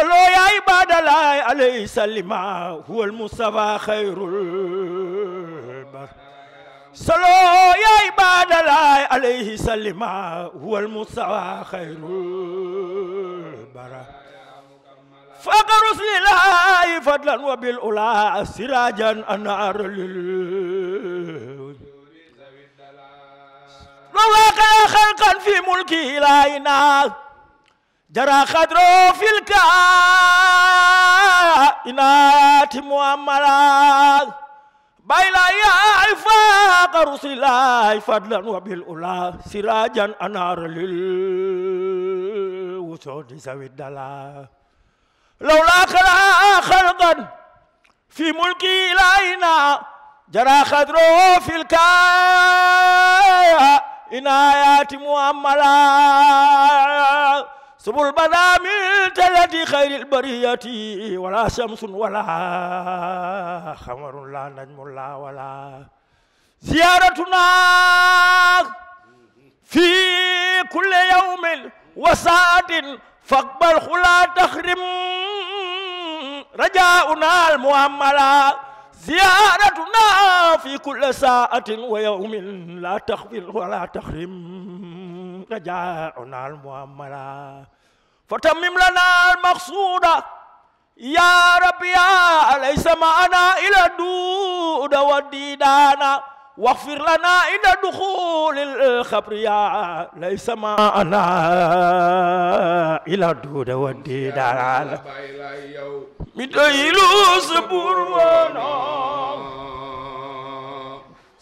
صلوا يا عباد الله عليه سلم هو المصطفى خير البر صلوا يا عباد الله عليه سلم هو المصطفى خير البر فقرس لله فضلا وبالأولى سراجا أنار للوجود وواقع خلقا في ملكه لا ينال جرى خدره في الكعب ذات معمرات بين يا فاق رسل الله فضلا وبالأولى سراجا أنار للوسود ذوي الدلا لولا خلق خلقا في ملكي إلينا جرى خدره في الكاية إنايات مؤملات subul badaamil talati xayril bariyati wala shamsun wala xamarun la najmun la wala ziyaratuna fi kulli yawmin wasaatin faqbal xula taxrim rajauna al muammala ziyaratuna fi kulli saatin wa yawmin la taxfil wala taxrim rajauna al muammala فتمم لنا المقصود يا رب يا ليس معنا إلى دود وديدانا واغفر لنا عند دخول الخبر يا ليس معنا إلى دود وديدانا مدعي لسبور ونار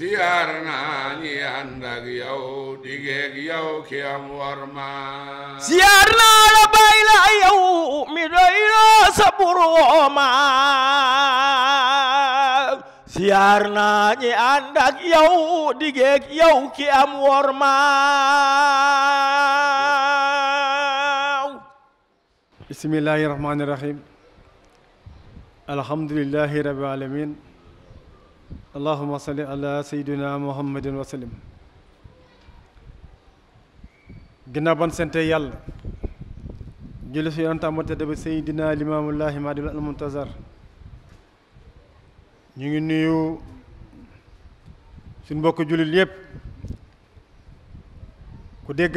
ziyaar naa ñi ànd ak yow digeeg yow ki am war ma ziyaar naa la bàyyi la yow mi doy loo sa burooma ziyaar naa ñi ànd ak yow digeeg yow ki am war ma bismillahi rahmaani rahim alhamdulillahi rabbil alamin allahuma salli ala sayyidina muhammadin wa sallim ginnaaw ban sante yàlla julli si yonent am tedd ba sayyidina limaamullahi mahdil almuntazar ñu ngi nuyu suñ mbokk jullit yépp ku dégg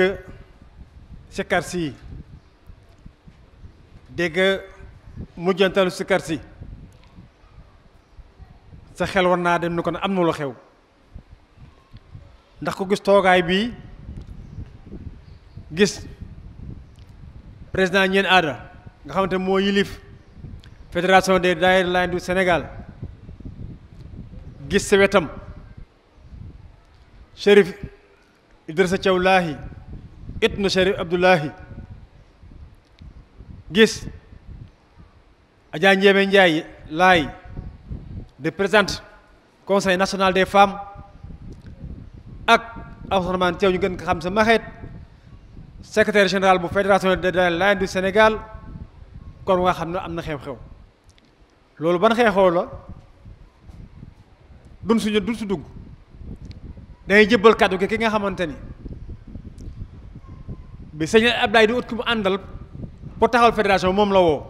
sikkar si dégg mujjantalu sikkar si sa xel war naa dem ni kon am na lu xew ndax ku gis toogaay bii gis président ñeen aada nga xamante moo yilif fédération des daayira du Sénégal gis sa wetam Chérif Idrissa Thiaw Lahi ibnu Chérif Abdoulahi gis Adja Ndiémé Ndiaye laay de présente conseil national des femmes ak Abdourahmane Thiaw ñu gën ko xam sa maxeet secrétaire général bu fédération des laayeen du Sénégal kon waa xam ne am na xew-xew loolu ban xew-xew la dun suñu dun su dugg dañuy jëbbal kàddu gi ki nga xamante ni bi sëñ Abdoulaye di ut ku mu àndal pour taxawal fédération moom la woo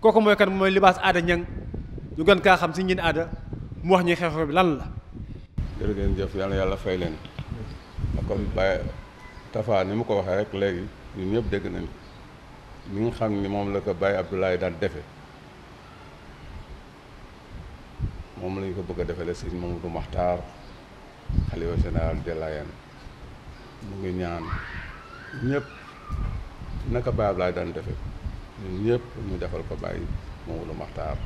kooku mooy kan mooy libaas aada ñang ñu gën kaa xam si ngeen aada mu wax ñuy xew-xew bi lan la. jërëjëf yàlla yàlla fay leen comme Baye Tafa ni mu ko waxee rek léegi ñun ñëpp dégg nañ ni nga xam ni moom la ko Baye Abdoulaye daan defee moom lañu ko bëgg a defee la sëñ Mamadou Makhtar xalifa général de Layène mu ngi ñaan ñëpp naka Baye Abdoulaye daan defe ñun ñëpp mu defal ko Baye Mamadou Makhtar.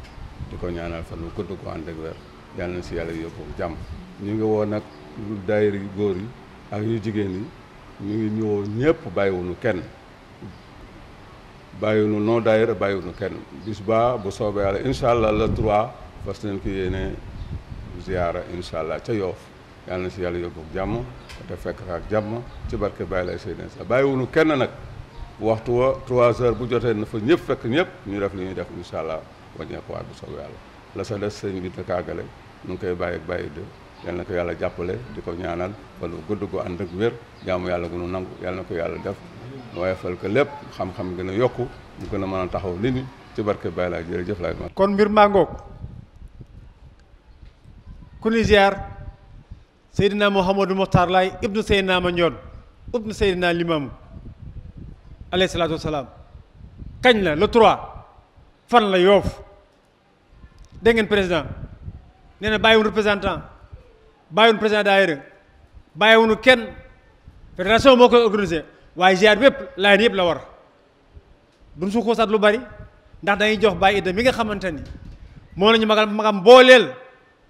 di ko ñaanal fan bu gudd ko ànd ak wér yàlla na si yàlla yóbbu jàmm ñu ngi woo nag daayira góor yi ak ñu jigéen yi ñu ngi ñëwoo ñëpp bàyyiwuñu kenn bàyyiwuñu non daayira bàyyiwuñu kenn bis ba bu soobee yàlla incha allah le trois fas nañ ko yéene ziyaara incha allah ca yoof yàlla na si yàlla yóbbu jàmm te fekk ak jàmm ci barke bàyyi lay seen sa bàyyiwuñu kenn nag waxtu wa trois heures bu jotee na fa ñëpp fekk ñëpp ñu def li ñuy def incha allah wàññeeku waat bu soobee yàlla la sa des sëñ bi dëkkaagale nu ngi koy bàyyi bàyyi de yal na ko yàlla jàppale di ko ñaanal ba lu gudd gu ànd ak wér jaamu yàlla gu nu nangu yal na ko yàlla def woyofal ko lépp xam-xam gën a yokk mu gën a mën a taxaw nit ñi ci barke Baye laa jërëjëf laay ma kon mbir maa ngoog ku ni ziar Seydina Mouhamadou Mokhtar Laye ibnu Seydina Mandione ibnu Seydina Limamou alayhi salaatu wa salaam kañ la le 3. fan la yoof dégg ngeen président nee na bàyyiwunu représentant bàyyiwunu président daayira bàyyiwunu kenn fédération moo koy organisé waaye ziar bépp yëpp laay yëpp la war du su ko sat lu bari ndax dañuy jox bàyyi idda mi nga xamante ni moo la ñu magal magam booleel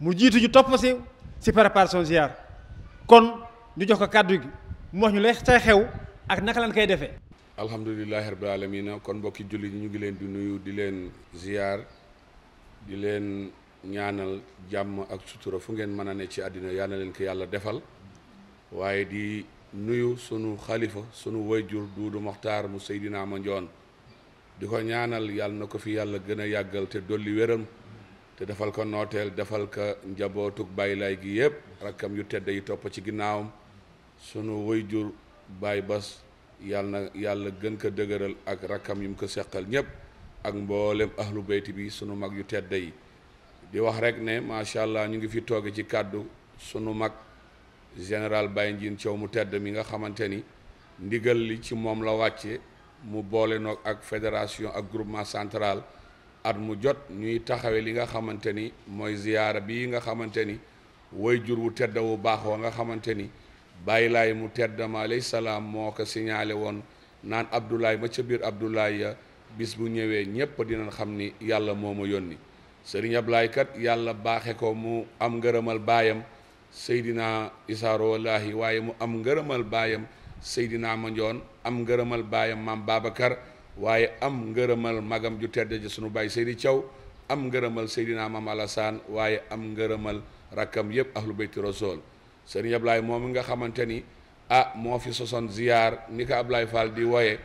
mu jiitu ñu topp si si préparation ziar kon ñu jox ko kàddu gi mu wax ñu lay say xew ak naka lañ koy defee alhamdulilahi rabbil alamina kon mbokki jullit ñu ngi leen di nuyu di leen ziyaar di leen ñaanal jàmm ak sutura fu ngeen mën a ne ci àddina yal na leen ko yàlla defal waaye di nuyu sunu xalifa sunu jur Duudu Moxtaar mu Seydina njoon di ko ñaanal yàlla na ko fi yàlla gën a yàggal te dolli wéram te defal ko nooteel defal ko njabootug bàyyi gi yëpp rakkam yu tedd yi topp ci ginnaawam sunu wayjur Baay Bas yàlla na yàlla gën ko dëgëral ak rakkam yi mu ko seqal ñëpp ak mbooleem ahlu bayti bi suñu mag yu tedd yi di wax rek ne macha allah ñu ngi fi tooge ci kàddu sunu mag général Baye Ndiin Thiaw mu tedd mi nga xamante ni ndigal li ci moom la wàcce mu boole noog ak fédération ak groupement central at mu jot ñuy taxawee li nga xamante ni mooy ziyaara bi nga xamante ni way jur wu tedd wu baax wa nga xamante ni bàyyilaay mu teddama alay salaam moo ko signalé woon naan Abdoulaye ma ca biir Abdoulaye ya bis bu ñëwee ñépp dina xam ni yàlla moo ma yónni sëriñ kat yàlla baaxe ko mu am ngërëmal baayam Seydina Isaa Roolaahi waaye mu am ngërëmal baayam ma Mandione am ngërëmal baayam maam baabakar waaye am ngërëmal magam ju tedd ja sunu baay Seydi Thiaw am ngërëmal Seydina maam Alassane waaye am ngërëmal rakkam yépp ahlu bayti sol sëriñ Ablaye moom nga xamante ni ah moo fi sosoon ziyaar ni ko Ablaye Fall di wooye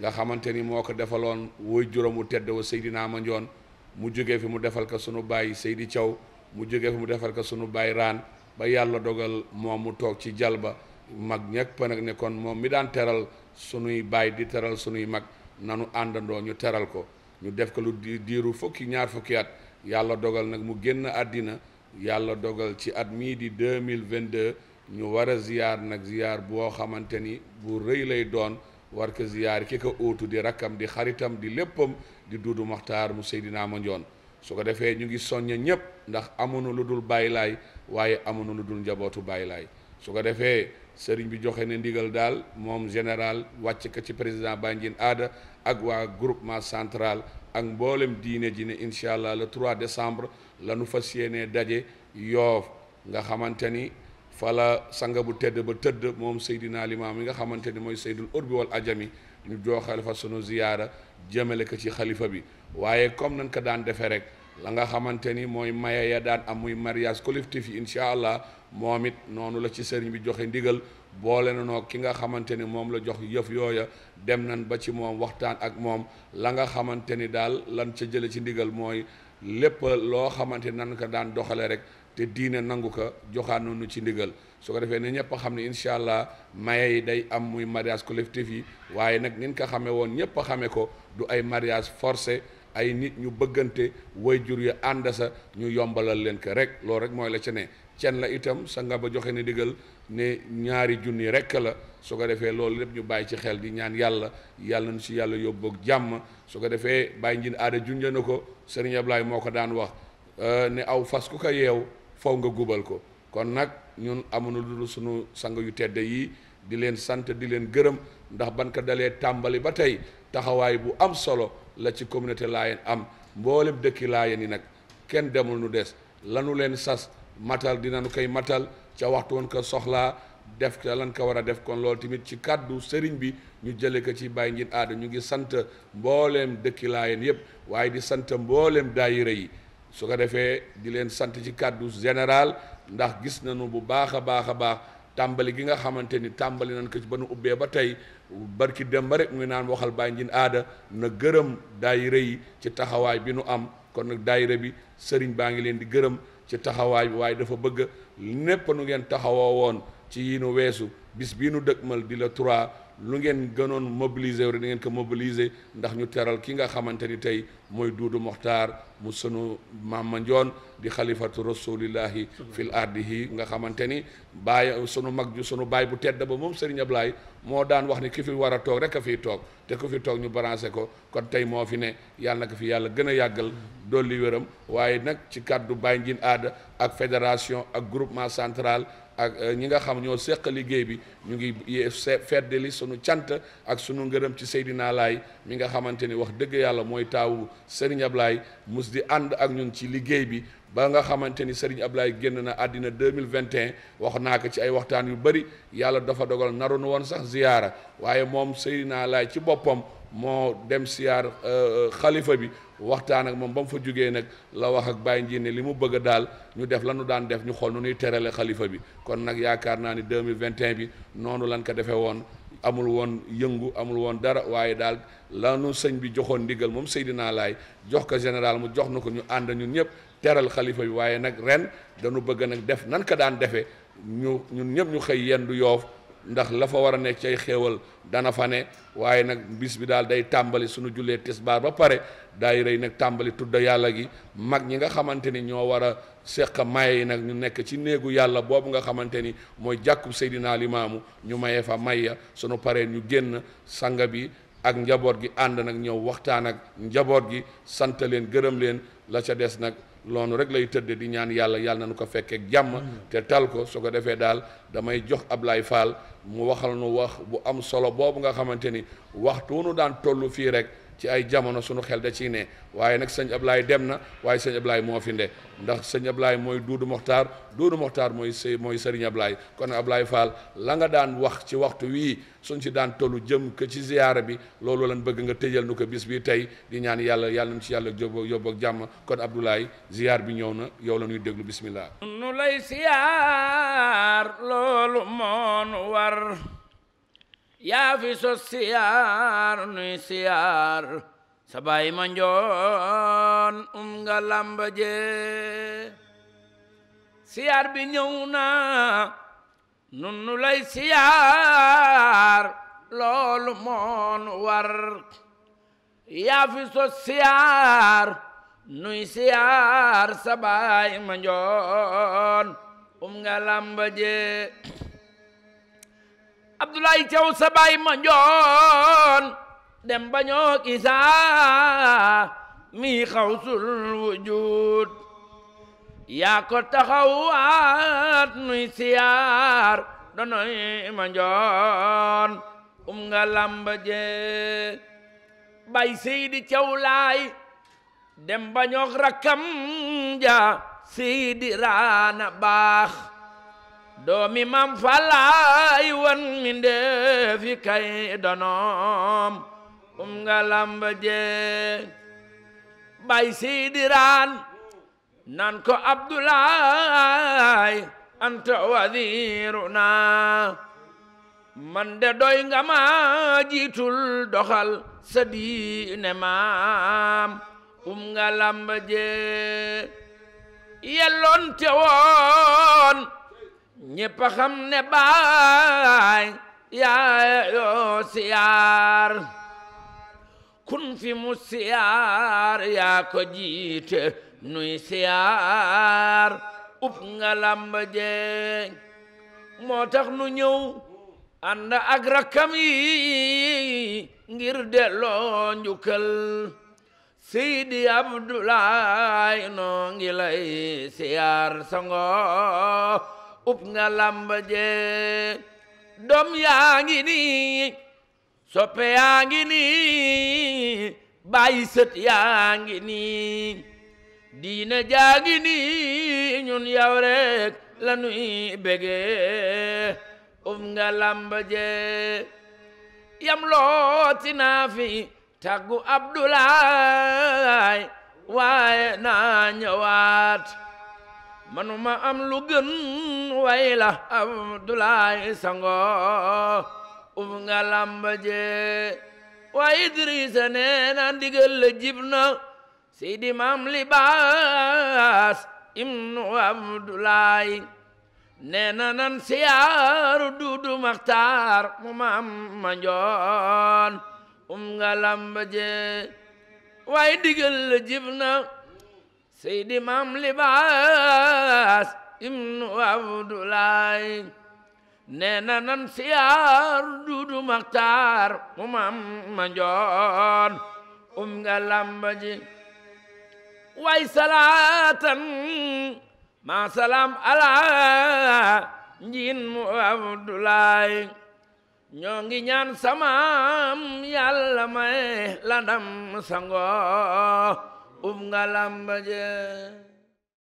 nga xamante ni moo ko defaloon woy juróomu tedd wa Seydina Mandione mu jógee fi mu defal ko sunu baay Seydi Thiaw mu jóge fi mu defal ko sunu baay Raan ba yàlla dogal moom mu toog ci jal ba mag ñëpp nag nekkoon moom mi daan teral sunuy baay di teral sunuy mag nanu àndandoo ñu teral ko ñu def ko lu diiru fukki ñaar fukki at yàlla dogal nag mu génn àddina yàlla dogal ci at mii di deux mille vingt deux ñu war a ziyaar nag ziyaar boo xamante ni bu rëy lay doon war ko ziyaar ki ko uutu di rakkam di xaritam di léppam di Duudu Maxtaar mu ma Mandione su ko defee ñu ngi soñña ñépp ndax amuñu lu dul Baay Laay waaye amuñu lu dul njabootu Baay Laay su ko defee sëriñ bi joxe ne ndigal daal moom général wàcc ko ci président Bandine Aada ak waa groupement central ak mboolem diine ji ne incha allah le 3 décembre la nu fas yéenee daje yoof nga xamante ni fala sanga bu tedd ba tëdd moom Seydina Limaam mi nga xamante ni mooy Seydul Urbi wal Ajami ñu jooxale fa sunu ziyaara jëmale ko ci xalifa bi waaye comme nañ ko daan defee rek la nga xamante ni mooy maye ya daan am muy mariage collectif yi incha allah moom it noonu la ci sëriñ bi joxe ndigal boole na noo ki nga xamante ni moom la jox yëf yooya dem nan ba ci moom waxtaan ak moom la nga xamante ni daal lan ca jële ci ndigal mooy lépp loo xamante ni nan ko daan doxale rek te diine nangu ko joxaan nañu ci ndigal su ko defee ne ñëpp a xam ne incha allah maye yi day am muy mariage collectif yi waaye nag nin ko xamee woon ñëpp a xamee ko du ay mariage forcé ay nit ñu bëggante wayjur ya ànd sa ñu yombalal leen ko rek loolu rek mooy la ca ne cen la itam sa nga ba joxe ni ndigal ne ñaari junni rekk la su ko defee loolu lépp ñu bàyyi ci xel di ñaan yàlla yàlla na si yàlla yóbbu jàmm su ko defee bàyyi njin aada junja na ko sëriñ Ablaay moo ko daan wax euh, ne aw fas ku ko yeew faw nga gubal ko kon nag ñun amuñu lu sunu sang yu tedd yi di leen sant di leen gërëm ndax ban ko dalee tàmbali ba tey taxawaay bu am solo la ci communauté laayeen am mboolem dëkki laayeen yi nag kenn demul nu des lanu leen sas matal dinañu koy matal ca waxtu woon ko soxlaa def ca lan ko war a def kon lool tamit ci kàddu sëriñ bi ñu jële ko ci bàyyi njin aada ñu ngi sant mbooleem dëkki laayeen yépp waaye di sant mbooleem daayira yi su ko defee di leen sant ci kàddu général ndax gis nañu bu baax a baax a baax tàmbali gi nga xamante ni tàmbali nañ ko ci ba nu ubbee ba tey barki dem ba rek mu naan waxal bàyyi njin aada na gërëm daayira yi ci taxawaay bi nu am kon nag daayira bi sëriñ baa ngi leen di gërëm ci taxawaay bi waaye dafa bëgg népp nu ngeen taxawoo woon ci yi nu weesu bis bii nu dëgmal di la trois lu ngeen gënoon mobiliser wu di ngeen ko mobiliser ndax ñu teral ki nga xamante ni tey mooy Duudu Moxtaar mu sunu maama Njoon di xalifatu rasulillahi fil ardihi nga xamante ni baay sunu mag ju sunu baay bu tedd ba moom Serigne laay moo daan wax ni ki fi war a toog rek a fi toog te ku fi toog ñu branché ko kon tey moo fi ne yàlla na ko fi yàlla gën a yàggal dolli wéram waaye nag ci kàddu Baye Njin aada ak fédération ak groupement centrale ak euh, ñi nga xam ñoo seq liggéey bi ñu ngi fedd li sunu cant ak suñu ngërëm ci Seydina Laay mi nga xamante ni wax dëgg yàlla mooy taawu Serigne Ablaye mus di ànd ak ñun ci liggéey bi ba nga xamante ni Serigne Ablaye génn na àddina 2021 wax naa ko ci ay waxtaan yu bëri yàlla dafa dogal nu woon sax ziyaara waaye moom Seydina Laay ci boppam moo dem siyaar euh, euh, xalifa bi waxtaan ak moom ba mu fa jógee nag la wax ak Baye Ndiéné li mu bëgg daal ñu def la nu daan def ñu xool nu ñuy terale xalifa bi kon nag yaakaar naa ni 2021 bi noonu lan ko defee woon amul woon yëngu amul woon dara waaye daal lanu sëñ bi joxoon ndigal moom Seydina Laay jox ko général mu jox na ko ñu ànd ñun ñëpp teral xalifa bi waaye nag ren dañu bëgg nag def nan ko daan defee ñu ñun ñëpp ñu xëy du yoof ndax la fa war a nekk cay xéewal dana fa ne waaye nag bis bi daal day tàmbali suñu julee tisbaar ba pare daay rey nag tàmbali tudd yàlla gi mag ñi nga xamante ni ñoo war a seq maye yi nag ñu nekk ci néegu yàlla boobu nga xamante ni mooy jàkku jàkkub Seydina Limaamu ñu mayee fa mayya suñu paree ñu génn sanga bi ak njaboot gi ànd nag ñëw waxtaan ak njaboot gi sant leen gërëm leen la ca des nag loolu rek lay tëdd di ñaan yàlla yàlla na nu ko fekkeek jàmm te tal ko su ko defee daal damay jox Ablaye Fall mu waxal nu wax bu am solo boobu nga xamante ni waxtu nu daan toll fii rek ci ay jamono sunu xel da ciy ne waaye nag sëñ Ablaye dem na waaye sëñ Ablaye moo fi nde ndax sëñ Ablaye mooy Duudu Moxtaar Duudu Moxtaar mooy sëy mooy sëriñ Ablaye kon Ablaye Fall la nga daan wax ci waxtu wii suñ si daan tollu jëm ke ci ziyaara bi loolu lan bëgg nga tëjal nu ko bis bi tey di ñaan yàlla yàlla na ci yàlla yóbbu yóbbu ak jàmm kon Abdoulaye ziyaar bi ñëw na yow la ñuy déglu bismillah nu lay ziyaar loolu moonu war yaa fi sos nuy siyaar sabay ma njoon um nga lamba jee siyaar bi ñëw na nun nu lay siyaar loolu moon war yaa fi sos nuy siyaar sabay ma njoon um nga lamba jee Abdoulaye Thiaw sa baay dem ba isaa mi xawsul wujud yaa ko taxawaat nuy siyaar donoy ma um nga lamba jee bay Seydi Thiaw laay dem ba ñoo rakkam ja Seydi raana baax doomi mam falaay wan mi ndeefi kay donoom um nga lamba jeeng bay siidiraan nan ko abdulaay anta wadiiru naa man de doy nga ma doxal sa diine maam um nga lamba jeeng yelloon te ñépp xam ne baay yaa yoo siyaar kun mu siyaar yaa ko jiite nuy siyaar up nga làmb jeeñ moo tax nu ñëw ànd ak rakkam yi ngir delloo njukkal seydi abdulaay noo ngi lay siyaar sango ub nga làmb jee doom yaa ngi nii soppe yaa ngi nii bàyyi sët yaa ngi nii diina jaa ngi nii ñun yaw rek la nuy bégee ub nga làmb jee yam looti naa fi tàggu Abdoulaye waaye naa ñëwaat manuma am lu gën way la Abdoulaye Sango lamba je wa Idrissa nee na ndigal la Maam Libaas ibnu Abdoulaye nee nan siyaaru Duudu Maxtaar mu maam ma njoon lamba je way ndigal la seydi mam libaas ibnu abdulaay nee na siyaar duudu maxtaar mu mam njoon um nga lamba ji way salaatan ma salaam ala njiin mu abdulaay ñoo ngi ñaan samaam yàlla may landam sango ub nga làmb je